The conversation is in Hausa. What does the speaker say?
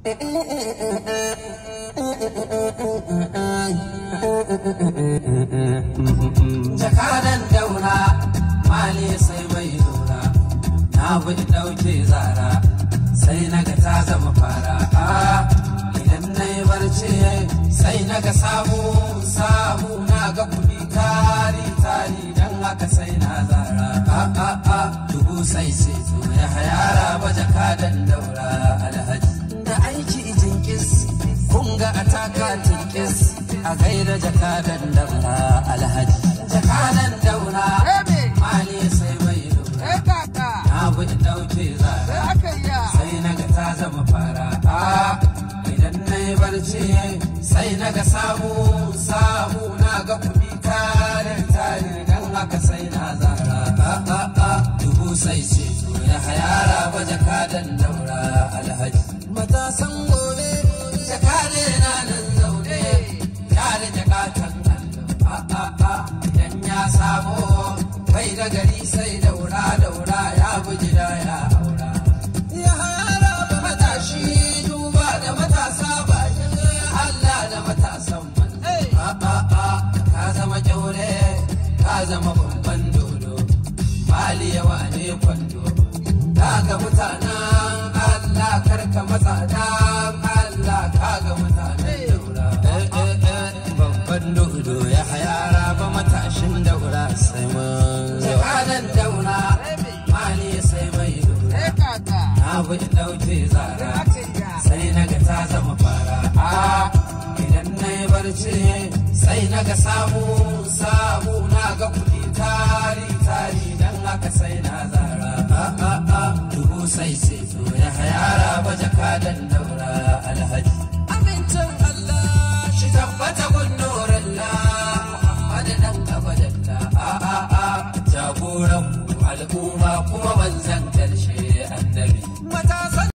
Jakadan daura, mali sai mai dora, na buɗe ɗauke zara, sai naga ta zama fara. Idan na yi barci sai naga samu samu na ga kudi tari tari dan haka sai na zara. Dubu sai sai zo ya hayara ba jakadan daura. a gaida jakadan daura alhaji jakadan daura mali sai mai lura na bi dauke zara sai na ga ta zama fara idan na yi barci sai na ga samu samu na ga kuɗi tarin tare dan haka sai na zara dubu sai ce ya hayara ba jakadan daura alhaji matasan gobe jakade na mai gari sai daura daura ya guji da ya haura ya haraba matashi duba da matasa ba Allah da matasan man a ka zama kyaure ka zama babban dodo mali ne kwando daga mutanen Allah karka matsada abu in dauce zara sai na ga ta zama fara a idan na yi barci sai na ga samu samu na ga kudi tari tari dan haka sai na zara a dubu sai ce to ya hayara ba jaka dan daura alhaji amincin Allah shi tabbata gundoran la Muhammadu dan ta a a a jagoran al'umma kuma banzanta